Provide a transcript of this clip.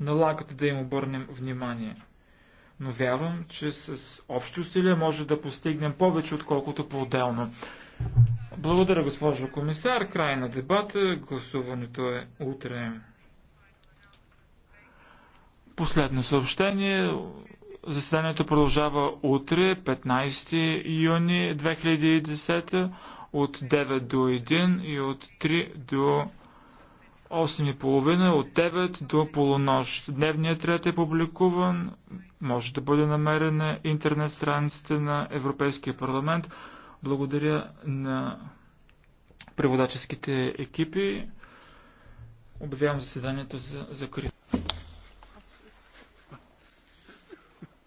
налагат да им обърнем внимание. Но вярвам, че с общи усилия може да постигнем повече, отколкото по-отделно. Благодаря, госпожо комисар. Край на дебата. Гласуването е утре. Последно съобщение. Заседанието продължава утре, 15 юни 2010 от 9 до 1 и от 3 до 8.30 от 9 до полунощ. Дневният ред е публикуван. Може да бъде намерен на интернет страниците на Европейския парламент. Благодаря на преводаческите екипи. Обявявам заседанието за закрито.